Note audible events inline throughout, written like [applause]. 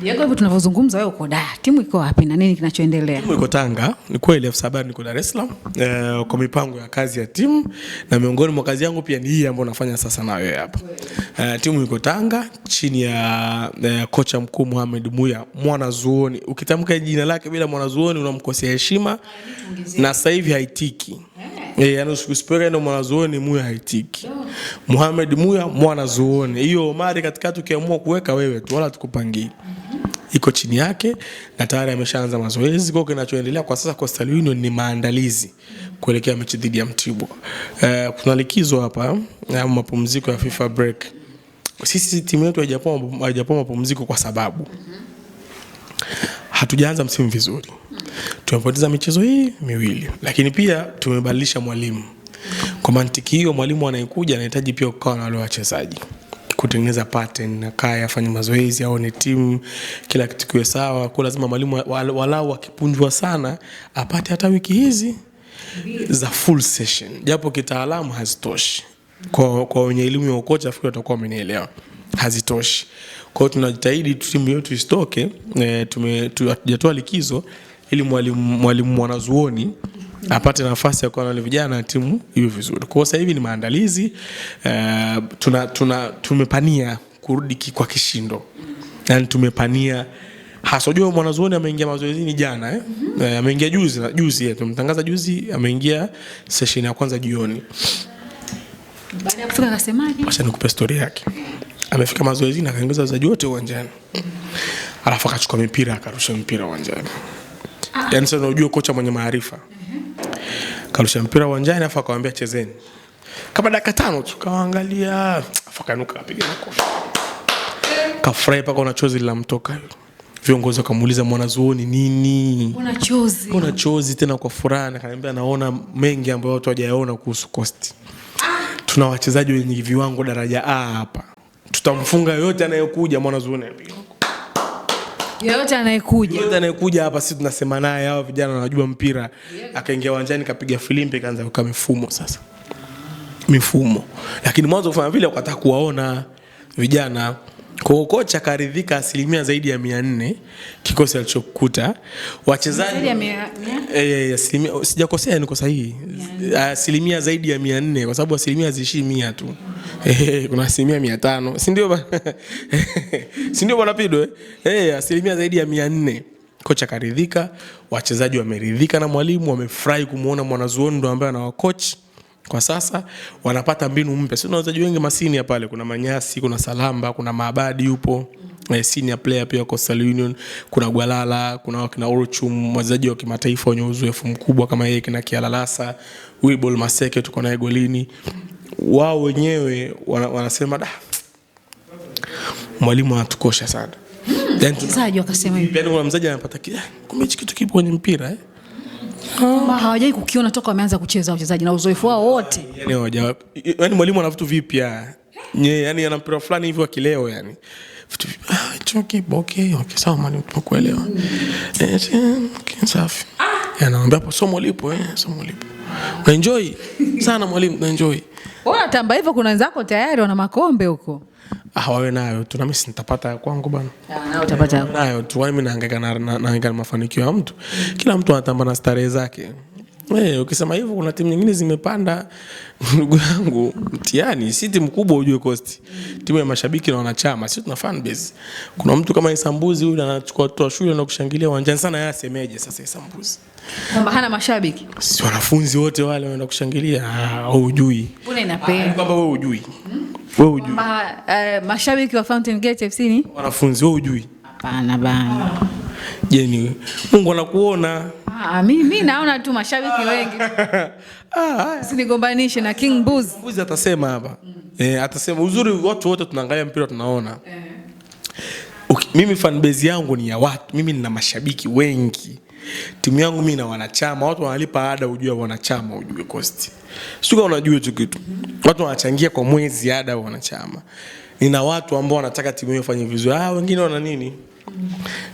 Diego, hivyo tunavyozungumza wewe uko da, timu iko wapi na nini kinachoendelea? Timu iko Tanga, ni kweli elfu saba niko Dar es Salaam eh, kwa mipango ya kazi ya timu na miongoni mwa kazi yangu pia ni hii ambayo nafanya sasa na wewe hapa. Eh, timu iko Tanga chini ya eh, kocha mkuu Mohamed Muya, mwanazuoni. Ukitamka jina lake bila mwanazuoni unamkosea heshima na sasa hivi haitiki. Eh? Eh, yaani usikusipeke ndo mwanazuoni Muya haitiki. Muhammad Muya mwanazuoni. Hiyo Omari katikati ukiamua kuweka wewe tu wala tukupangii. Mhm. Iko chini yake na tayari ameshaanza mazoezi. Kwa kinachoendelea kwa sasa Coastal Union ni maandalizi kuelekea mechi dhidi ya Mtibwa. Eh, kuna likizo hapa ya eh, mapumziko ya FIFA break. Sisi timu yetu haijapoa haijapoa mapumziko kwa sababu mhm. hatujaanza msimu vizuri tumepoteza michezo hii miwili, lakini pia tumebadilisha mwalimu. Kwa mantiki hiyo, mwalimu anayekuja anahitaji pia kukaa na wale wachezaji kutengeneza pattern na kaya afanye mazoezi au ni timu, kila kitu kiwe sawa. Kwa lazima mwalimu walau akipunjwa sana apate hata wiki hizi za full session, japo kitaalamu hazitoshi. Kwa kwa wenye elimu ya ukocha afikiri watakuwa wamenielewa, hazitoshi. Kwa hiyo tunajitahidi timu yetu isitoke. E, tume hatujatoa likizo ili mwalimu mwalimu mwanazuoni apate nafasi ya kuwa na vijana timu hiyo vizuri. Kwa sasa hivi ni maandalizi uh, tuna, tuna, tumepania kurudi kwa kishindo, yani tumepania hasa. Unajua mwanazuoni ameingia mazoezini jana eh? Uh, ameingia juzi juzi yetu eh, tumtangaza juzi, ameingia session ya kwanza jioni. Baada ya kufika akasemaje? Acha nikupe story yake. Amefika mazoezini akaingiza wachezaji wote uwanjani, alafu akachukua mipira akarusha mipira uwanjani yani sasa unajua kocha mwenye maarifa karusha mpira uwanjani, afu akamwambia chezeni kama dakika tano tu, kawaangalia, afu kanuka makofi, kafurahi mpaka una chozi linamtoka. Viongozi wakamuuliza mwanazuoni nini, una chozi tena kwa furaha? Akaniambia naona mengi ambayo watu hawajayaona kuhusu kosti tuna wachezaji wenye viwango daraja A hapa, tutamfunga yoyote anayokuja Mwanazuoni apiga Yeyote anayekuja. Yeyote anayekuja hapa sisi tunasema naye hao vijana wanajua mpira. Akaingia uwanjani kapiga filimbi kaanza kuka mifumo sasa. Mifumo. Lakini mwanzo kufanya vile ukataka kuwaona vijana. Kwa kocha karidhika asilimia zaidi ya mia nne kikosi alichokuta wachezaji eh, eh, eh, asilimia sijakosea, niko sahihi, asilimia zaidi ya mia nne kwa sababu asilimia ziishii mia tu. Eh, kuna asilimia mia tano si ndio? [laughs] si ndio bwana Pido eh? Hey, eh, asilimia zaidi ya mia nne. Kocha karidhika, wachezaji wameridhika na mwalimu, wamefurahi kumwona mwanazuoni ndo ambaye anawakocha kwa sasa wanapata mbinu mpya, sio? Wachezaji wengi masini ya pale, kuna Manyasi, kuna Salamba, kuna Maabadi yupo eh, senior player pia Coastal Union, kuna Gwalala, kuna wakina Orchum, wachezaji wa kimataifa wenye uzoefu mkubwa kama yeye, kina Kialalasa, Wibol Maseke, tuko naye golini. mm -hmm wao wenyewe wana, wanasema da, mwalimu anatukosha sana. Hmm. Yaani mchezaji akasema hivyo, yani kuna mchezaji anapata ah, kumbe hichi kitu kipo kwenye mpira eh? Hawajai kukiona toka wameanza kucheza wachezaji na uzoefu wao wote, ah, yani yaani mwalimu ana vitu vipya nye, yani ana mpira fulani hivi wa kileo yani vitu ah, okay, okay, sawa mwalimu, tumekuelewa eh, eh, safi. Yaani Anaambia hapo somo lipo eh, somo lipo, enjoy sana mwalimu, enjoy Unatamba hivyo, kuna wenzako tayari wana makombe huko. Ah, wawe nayo tu, nami sitapata ya kwangu bana. Ah, utapata nayo tu, mimi nahangaika na mafanikio ya mtu. Kila mtu anatamba na starehe zake. Hey, eh, ukisema hivyo kuna timu nyingine zimepanda [laughs] ndugu yangu, mtiani si timu kubwa ujue cost. Timu ya mashabiki na wanachama, sio tuna fan base. Kuna mtu kama Isambuzi huyu anachukua watu wa shule na kushangilia uwanjani sana, yeye asemeje sasa Isambuzi? Kwamba hana mashabiki. Si wanafunzi wote wale wanaenda kushangilia, ah, au hujui. Mbona inapenda? Baba ah, wewe hujui. Hmm? Wewe hujui. Eh, mashabiki wa Fountain Gate FC ni wanafunzi, wewe hujui. Hapana bana. Je, ni Mungu anakuona Ah, mi, mi naona tu mashabiki ah. wengi [laughs] ah, sinigombanishe na King Mbuzi. Mbuzi atasema hapa mm. E, atasema uzuri, watu wote tunaangalia mpira tunaona eh. Okay, mimi fan base yangu ni ya watu, mimi nina mashabiki wengi timu yangu mimi na wanachama, watu wanalipa ada, ujue wanachama, ujue cost, sio unajua hicho kitu. Watu wanachangia kwa mwezi ada wanachama. Nina watu ambao wanataka timu hiyo ifanye vizuri, ah, wengine wana nini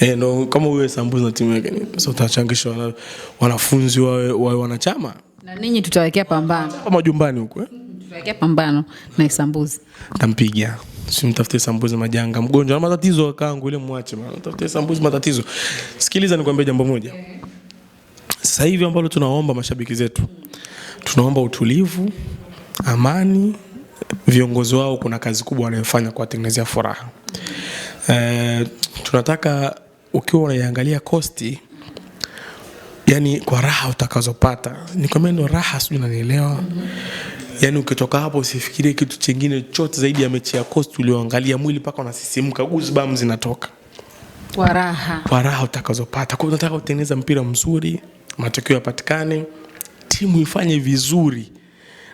Eh, ndo kama uwe sambuzi na timu yake sasa, utachangisha wanafunzi wawe, wawe wanachama na ninyi tutawekea pambano kwa majumbani huko eh? tutawekea pambano na sambuzi, tampiga si mtafute Sambuzi majanga mgonjwa na matatizo kangu ile mwache bana mtafute Sambuzi matatizo sikiliza nikwambie jambo moja sasa hivi ambalo tunaomba mashabiki zetu tunaomba utulivu amani viongozi wao kuna kazi kubwa wanayofanya kuwatengenezea furaha eh, Eh, tunataka ukiwa unaiangalia kosti yani kwa raha utakazopata nikwambia ndo raha sijui nanielewa mm -hmm. yani ukitoka hapo usifikirie kitu chingine chote zaidi ya mechi ya kosti ulioangalia mwili mpaka unasisimka guzbam zinatoka kwa raha kwa raha utakazopata kwao unataka kutengeneza mpira mzuri matokeo yapatikane timu ifanye vizuri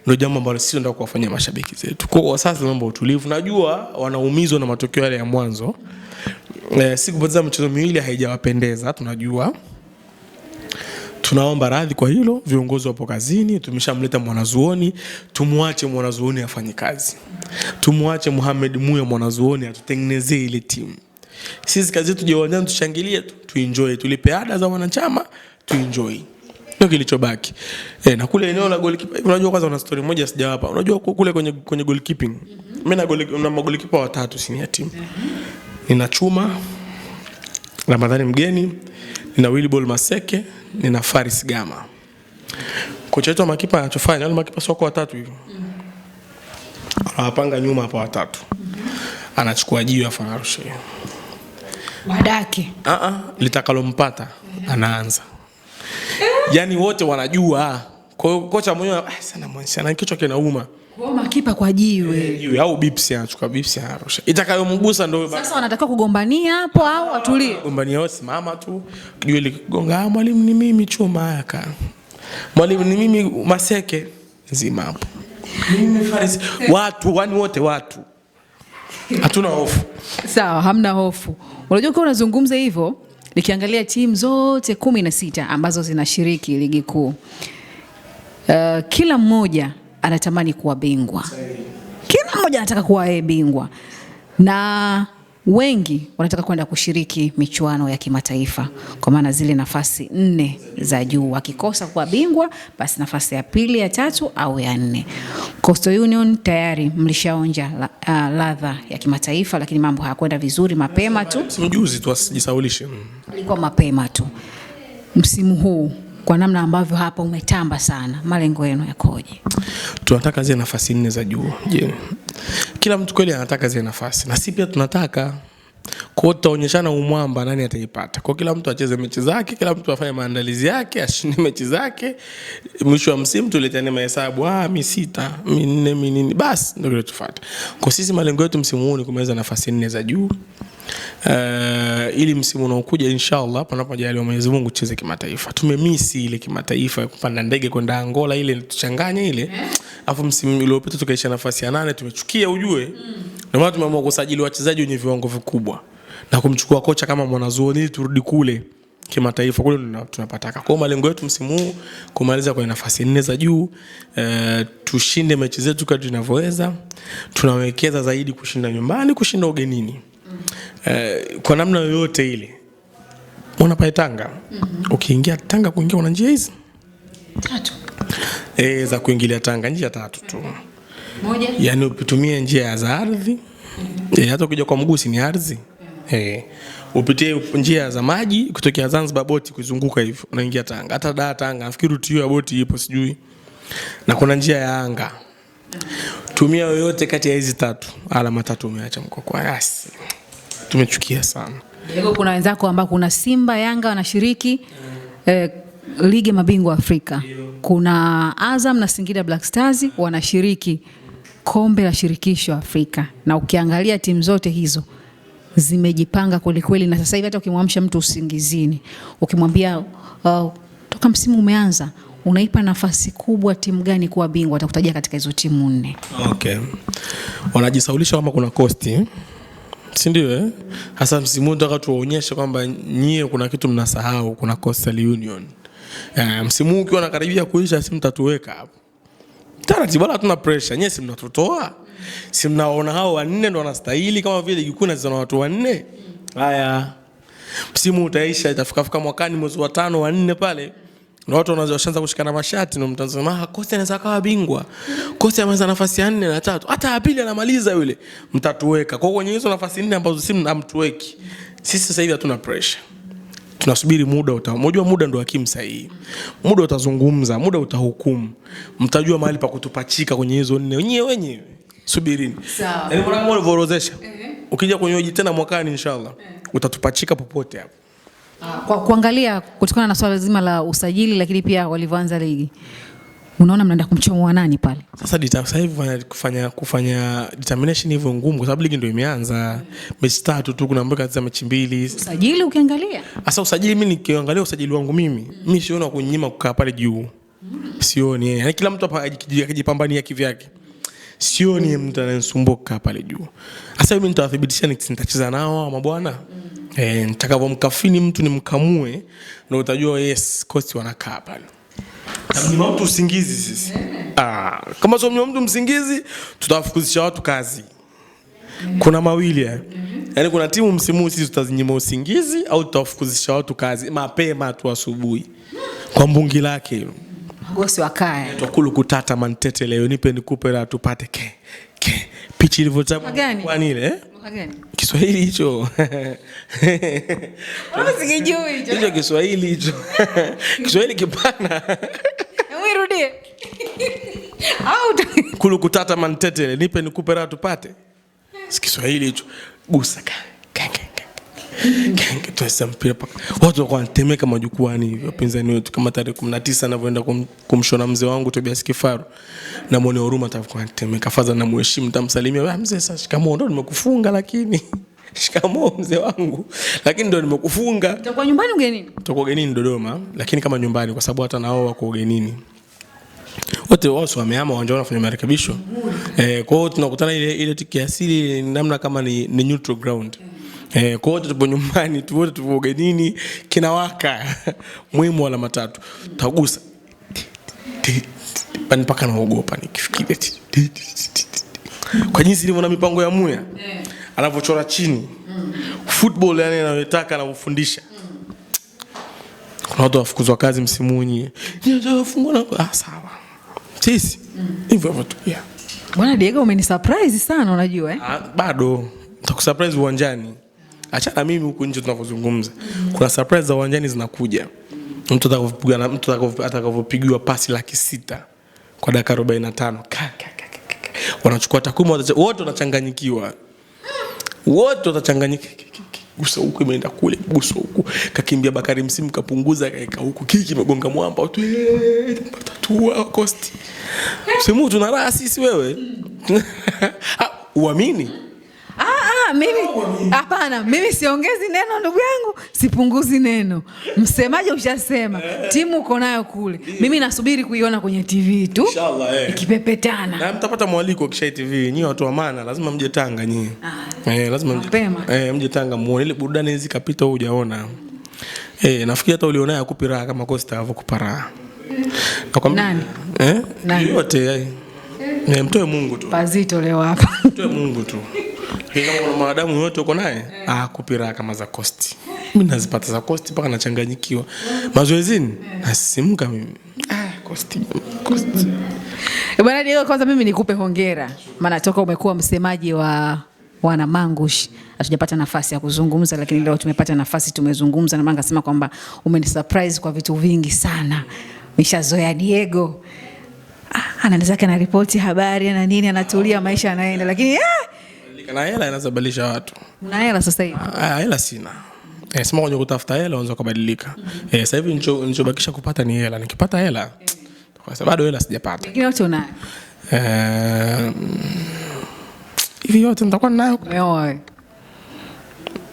ndio jambo ambalo sisi tunataka kuwafanyia mashabiki zetu. Kwa hiyo sasa mambo utulivu, najua wanaumizwa na matokeo yale ya mwanzo e, si kupoteza michezo miwili haijawapendeza, tunajua tunaomba radhi kwa hilo. Viongozi wapo kazini, tumeshamleta mwanazuoni, tumwache mwanazuoni afanye kazi, tumwache Mohamed Muya mwanazuoni atutengenezee ile timu. Sisi kazi yetu je, tushangilie tu, tuenjoy, tulipe ada za wanachama, tuenjoy ndio kilichobaki e, na kule eneo la goalkeeper, unajua kwanza una story moja sijawapa. Unajua kule kwenye kwenye goalkeeping mm mimi na goal na magolikipa watatu sini ya timu mhm. nina Chuma, Ramadhani Mgeni, nina Wilbol Maseke, nina Faris Gama. Kocha wetu wa makipa anachofanya wale yaani makipa soko watatu hivyo mm anawapanga nyuma hapa watatu mhm. anachukua jiwe afa anarushia wadaki a ah, a ah, litakalompata mhm. anaanza yani wote wanajua. Kwa hiyo kocha mwenyewe ah, sana mwanishana kichwa kinauma. Kwa makipa kwa jiwe. Eh, jiwe au bipsi anachukua bipsi anarusha. Itakayomgusa ndio sasa wanataka kugombania hapo au watulie. Gombania wao simama tu. Jiwe likigonga, ah, mwalimu ni mimi chuma haka. Mwalimu ni mimi maseke nzima hapo. Mimi farisi. Watu wani wote watu. Hatuna hofu. Sawa, hamna hofu. Unajua kwa unazungumza hivyo nikiangalia timu zote kumi na sita ambazo zinashiriki ligi kuu. Uh, kila mmoja anatamani kuwa bingwa, kila mmoja anataka kuwa yeye bingwa na wengi wanataka kwenda kushiriki michuano ya kimataifa, kwa maana zile nafasi nne za juu, wakikosa kuwa bingwa basi nafasi ya pili, ya tatu au ya nne. Coastal Union tayari mlishaonja la, uh, ya kimataifa, lakini mambo hayakwenda vizuri mapema tu, juzi tu, asijisaulishe, ilikuwa mapema tu msimu huu kwa namna ambavyo hapa umetamba sana, malengo yenu yakoje? Tunataka zile nafasi nne za juu. Je, kila mtu kweli anataka zile nafasi? Na sisi pia tunataka kwa tutaonyeshana umwamba nani ataipata. Kwa kila mtu acheze mechi zake, kila mtu afanye maandalizi yake, ashinde mechi zake. Mwisho wa msimu tuletane mahesabu, ah, mi sita, mi nne, mi nini. Basi ndio kilichofuata. Kwa sisi malengo yetu msimu huu ni kumaliza nafasi nne za juu. Uh, ili msimu unaokuja inshallah, panapo majaliwa ya Mwenyezi Mungu, tucheze kimataifa. Tumemisi ile kimataifa, kupanda ndege kwenda Angola ile tuchanganye ile. Alafu msimu uliopita tukaisha nafasi ya nane, tumechukia ujue. Mm. Ndio maana tumeamua kusajili wachezaji wenye viwango vikubwa na kumchukua kocha kama mwanazuoni ili turudi kule kimataifa kule tunapataka. Kwa malengo yetu msimu huu kumaliza kwenye nafasi nne za juu, e, tushinde mechi zetu kadri tunavyoweza. Tunawekeza zaidi kushinda nyumbani, kushinda ugenini. E, kwa namna yoyote ile. Mbona pale Tanga? Mm -hmm. Ukiingia Tanga kuingia kuna njia hizi? Tatu e, za kuingilia Tanga njia tatu tu. Moja, yani upitumie njia za ardhi mm -hmm. e, hata ukija kwa mguu si ni ardhi e, upitie njia za maji kutokea Zanzibar boti kuzunguka hivyo unaingia Tanga. Hata da Tanga nafikiri tu ya boti ipo sijui, na kuna njia ya anga. Tumia yoyote kati ya hizi tatu, alama tatu umeacha mko kwa yasi, Tumechukia sana. Leo kuna wenzako ambao kuna Simba Yanga wanashiriki mm. eh, ligi mabingwa Afrika kuna Azam na Singida Black Stars wanashiriki kombe la shirikisho Afrika, na ukiangalia timu zote hizo zimejipanga kwelikweli, na sasa hivi hata ukimwamsha mtu usingizini ukimwambia uh, toka msimu umeanza unaipa nafasi kubwa timu gani kuwa bingwa, atakutajia katika hizo timu nne. Okay, wanajisaulisha kama kuna kosti, si ndio? Eh, hasa msimu huu nataka tuwaonyeshe kwamba nyie kuna kitu mnasahau, kuna Coastal Union Eh, msimu huu ukiwa nakaribia kuisha, si mtatuweka hapo taratibu, wala hatuna pressure. Nyewe si mnatutoa, si mnaona hao wanne ndo wanastahili, kama vile ligi kuu inacheza na watu wanne. Haya, msimu utaisha, itafika fika mwakani mwezi wa tano wa nne pale na watu wanaanza kushikana mashati na mtazama, ah, Kosi anaweza kawa bingwa, Kosi ameweza nafasi ya nne na tatu, hata ya pili anamaliza yule, mtatuweka. Kwa hiyo kwenye hizo nafasi nne ambazo si mnamtuweki sisi, sasa hivi hatuna pressure tunasubiri muda uta, unajua muda ndo hakimu sahihi. Muda utazungumza, muda utahukumu, mtajua mahali pa kutupachika kwenye hizo nne wenyewe wenyewe. Subirini, yaani mwanangu, ulivyoorodhesha eh. ukija kwenye hoji tena mwakani inshallah eh. utatupachika popote hapo, ah, kwa kuangalia kutokana na swala zima la usajili, lakini pia walivyoanza ligi unaona mnaenda kumchomoa nani pale sasa sasa hivi kufanya, kufanya, kufanya determination hivyo ngumu kwa sababu ligi ndio imeanza mechi tatu tu kuna ambao za mechi mbili usajili ukiangalia sasa usajili mimi nikiangalia usajili wangu mimi mm. mimi siona kunyima kukaa pale juu mm. sioni yani kila mtu hapa akijipambania kivyake sioni mm. mtu ananisumbuka pale juu sasa mimi nitawathibitisha nitacheza nao ama bwana mm. eh nitakavomkafini mtu nimkamue ndio utajua yes coach wanakaa pale Tunamnyima mtu usingizi sisi. Ah, kama tunamnyima mtu msingizi tutawafukuzisha watu kazi. Kuna mawili hayo. Mhm. Yaani kuna timu msimu sisi tutazinyima usingizi au tutawafukuzisha watu kazi mapema tu asubuhi. Kwa mbungi lake hilo. Gosi wakae. Tukulu kutata mantete leo nipe nikupe la tupate ke. Ke. Pichi ilivyochapa kwa nini eh? Gani? Kiswahili [laughs] hicho hicho Kiswahili hicho [laughs] Kiswahili kipana niambie [laughs] au kulukutata mantetele nipe nikupe raha tupate. Sikiswahili hicho gusa watu wako wanatemeka majukwani hivyo, wapinzani wetu kama tarehe 19 anavyoenda kumshona mzee wangu Tobias Kifaru, na mwone huruma, atakuwa anatemeka fadha, na mheshimu, tamsalimia wewe ah, mzee, sasa shikamoo, ndo nimekufunga lakini [laughs] shikamoo mzee wangu, lakini ndo nimekufunga. Utakuwa nyumbani ugenini? Utakuwa ugenini Dodoma, lakini kama nyumbani, kwa sababu hata nao wako ugenini wote wao wamehama wanja wanafanya marekebisho eh. Kwa hiyo tunakutana ile ile kiasili namna kama ni, ni neutral ground eh. Kwa hiyo tupo nyumbani tu, wote tupo ugenini, kinawaka [laughs] muhimu wala matatu tagusa pani paka naogopa nikifikiria kwa jinsi ilivyo na mipango ya Muya eh. anavyochora chini mm. football, yani anayotaka anavyofundisha mm. kuna watu wafukuzwa kazi msimu huu. Ah, sawa, chesi mm. hivyo hivyo tu. Bwana Diego, umenisurprise sana unajua eh? Ah, bado nitakusurprise uwanjani. Achana mimi huku nje tunavyozungumza. Kuna surprise za uwanjani zinakuja. Mtu atakapopiga na mtu atakapopigiwa pasi laki sita kwa dakika 45. Wanachukua takwimu wote wanachanganyikiwa. Wote watachanganyika gusa huku imeenda kule, gusa huku kakimbia Bakari msimu kapunguza kaeka huku, kiki imegonga mwamba, watu tatua kosti. Msimu tuna raha sisi, wewe [laughs] ah, uamini mimi hapana, mimi siongezi neno ndugu yangu, sipunguzi neno. Msemaji ushasema, eh. timu uko nayo kule, mimi nasubiri kuiona kwenye TV tu eh, ikipepetana na mtapata mwaliko kisha TV. Nyinyi watu wa maana lazima mje Tanga nyinyi ah. eh, lazima mje, eh, mje Tanga muone ile burudani hizi kapita, wewe hujaona eh, nafikiri hata ulionayo akupi raha kama Costa hakupa raha nani eh, nani yote eh? eh, mtoe Mungu tu, pazito leo hapa mtoe Mungu tu. [laughs] Kama mwanadamu yote uko naye eh. akupi ah, raha kama za kosti. Mimi nazipata za kosti mpaka nachanganyikiwa. Mazoezini eh. nasimka mimi. Ah, kosti. Kosti. Eh, bwana Diego, kwanza mimi nikupe hongera. Maana toka umekuwa msemaji wa wana Mangush hatujapata nafasi ya kuzungumza, lakini leo tumepata nafasi, tumezungumza. Na mangasema kwamba umeni surprise kwa vitu vingi sana. Nishazoea Diego, ah, anaweza kana ripoti habari na nini, anatulia, maisha yanaenda, lakini eh! na hela inazabadilisha watu. na hela sasa hivi? Ah, hela sina. Eh, sema kwenye kutafuta hela unaweza kubadilika. Eh, sasa hivi nilichobakisha kupata ni hela. Nikipata hela, kwa sababu bado hela sijapata. Kile yote unayo. Eh, hivi yote nitakuwa nayo. Wewe.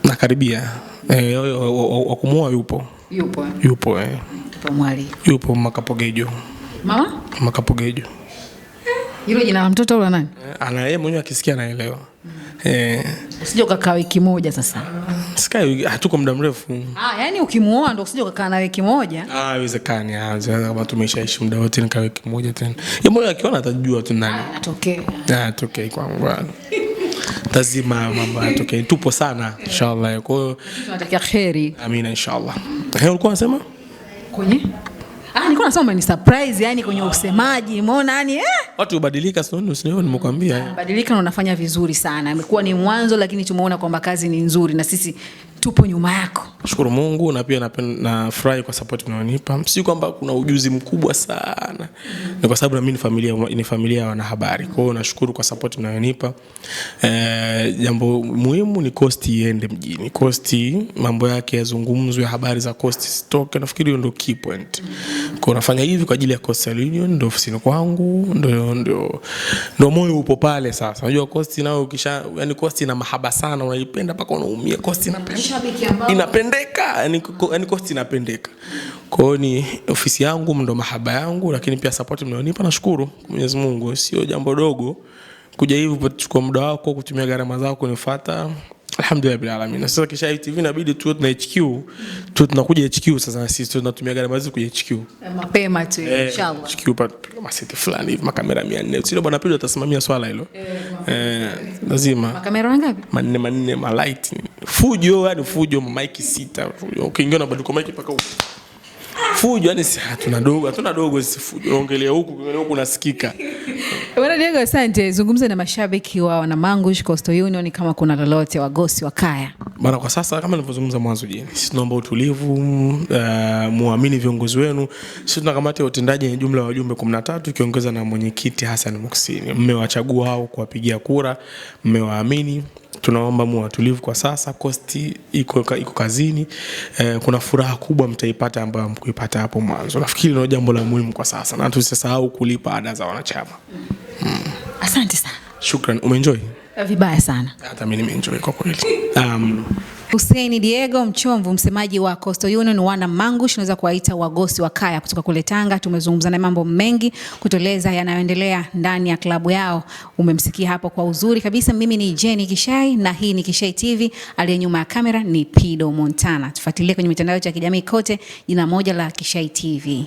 Nakaribia. Eh, wa kumuoa yupo. Yupo. Eh? Yupo eh. Yupo Makapogejo. Mama? Makapogejo. Hilo jina la mtoto ule nani? Eh, ana yeye mwenyewe akisikia anaelewa. Eh. Usije ukakaa wiki moja sasa. Sikai hatuko muda mrefu. Ah, yani ukimuoa ndo usije ukakaa na wiki moja. Ah, haiwezekani. kama tumeshaishi muda wote nikaa wiki moja tena. Yeye akiona atajua tu nani. Ah, ah kwangu. tazima mambo yatokee. Tupo sana inshallah. Kwa hiyo kheri. Amina inshallah. Eh, ulikuwa unasema? Kwenye? Ah, nilikuwa nasema ni surprise yani kwenye usemaji. Umeona yani eh? Watu hubadilika sio ndio? Sio nimekwambia. Badilika na unafanya vizuri sana. Imekuwa ni mwanzo lakini tumeona kwamba kazi ni nzuri na sisi tupo nyuma yako. Nashukuru Mungu na pia nafurahi kwa support mnayonipa, si kwamba kuna ujuzi mkubwa sana mm. ni kwa sababu na mimi ni familia, ni familia ya wanahabari, kwa hiyo nashukuru kwa support mnayonipa. E, eh, jambo muhimu ni cost iende mjini. cost mambo yake yazungumzwe, ya habari za cost stoke, nafikiri hiyo ndio key point. mm. Kwa nafanya hivi kwa ajili ya cost Union, ndio ofisini kwangu, ndio ndio ndio moyo upo pale. Sasa unajua cost nayo ukisha, yani cost ina mahaba sana, unaipenda mpaka unaumia. cost inapenda ambao inapendeka, yani yani cost inapendeka. Kwa hiyo ni ofisi yangu ndo mahaba yangu, lakini pia support mnayonipa nashukuru Mwenyezi Mungu, sio jambo dogo kuja hivi kuchukua muda wako kutumia gharama zako kunifuata. Alhamdulillah bil alamin. Sasa kisha ITV inabidi tuwe tuna HQ, tuwe tunakuja HQ sasa na sisi tunatumia gharama zetu kuja HQ. Eh, mapema tu eh, inshallah. HQ pa maseti fulani hivi makamera 400. Sio bwana Pedro atasimamia swala hilo. Eh, eh, lazima. Makamera wangapi? Manne manne, ma light. Fujo yani fujo, mic sita. Ukiingia na bado kwa mic paka huko fujo yani, si ah, hatuna dogo, hatuna dogo sisi, fujo ongelea huku ongelea huku nasikika. Bwana Diego, asante, zungumza na mashabiki wa Wanamangush Coastal Union kama kuna lolote, wagosi wa kaya bana. Kwa sasa kama nilivyozungumza mwanzo, jini sisi tunaomba utulivu, uh, muamini viongozi wenu. Sisi tuna kamati ya utendaji yenye jumla ya wajumbe 13 ikiongeza na mwenyekiti Hassan Muksini. Mmewachagua hao kuwapigia kura, mmewaamini tunaomba mu watulivu kwa sasa, kosti iko, iko kazini eh, kuna furaha kubwa mtaipata ambayo mkuipata hapo mwanzo. Nafikiri ndio jambo la muhimu kwa sasa, na tusisahau kulipa ada za wanachama mm. Asante sana, shukran. Umeenjoy vibaya sana, hata mimi nimeenjoy kwa kweli um, Hussein Diego Mchomvu, msemaji wa Coastal Union wana Mangush, unaweza kuwaita wagosi wa kaya kutoka kule Tanga. Tumezungumza na mambo mengi kutueleza yanayoendelea ndani ya klabu yao, umemsikia hapo kwa uzuri kabisa. Mimi ni Jenny Kishai na hii ni Kishai TV, aliye nyuma ya kamera ni Pido Montana. Tufuatilie kwenye mitandao ya kijamii kote, jina moja la Kishai TV.